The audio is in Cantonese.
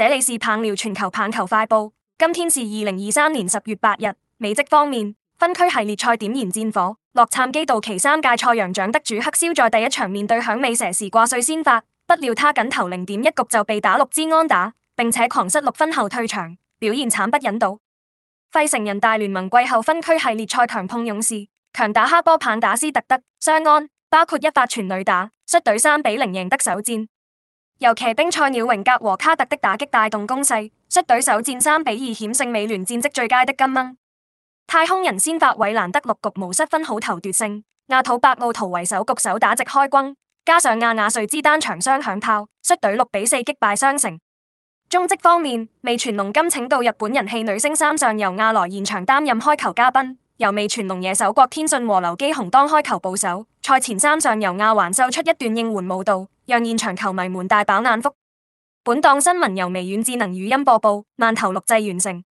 這裏是棒聊全球棒球快報，今天是二零二三年十月八日。美職方面，分區系列賽點燃戰火。洛杉磯道奇三屆賽揚獎得主黑肖在第一場面對響尾蛇時掛帥先發，不料他僅投零點一局就被打六支安打，並且狂失六分後退場，表現慘不忍睹。費城人大聯盟季後分區系列賽強碰勇士，強打哈波棒打斯特德雙安，包括一發全壘打，率隊三比零贏得首戰。尤騎兵菜鳥榮格和卡特的打擊帶動攻勢，率隊首戰三比二險勝美聯戰績最佳的金蚊。太空人先發韋蘭德六局無失分好投奪勝。亞土白奧圖為首局手打直開轟，加上亞亞瑞茲單場雙響炮，率隊六比四擊敗雙城。中職方面，味全龍今請到日本人氣女星三上悠亞來現場擔任開球嘉賓，由味全龍野手郭天信和劉基鴻當開球捕手。賽前三上悠亞還秀出一段應援舞蹈，讓現場球迷們大飽眼福。本檔新聞由微軟智能語音播報，萬頭錄製完成。